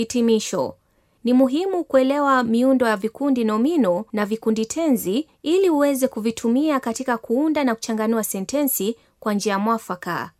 Hitimisho. Ni muhimu kuelewa miundo ya vikundi nomino na vikundi tenzi ili uweze kuvitumia katika kuunda na kuchanganua sentensi kwa njia mwafaka.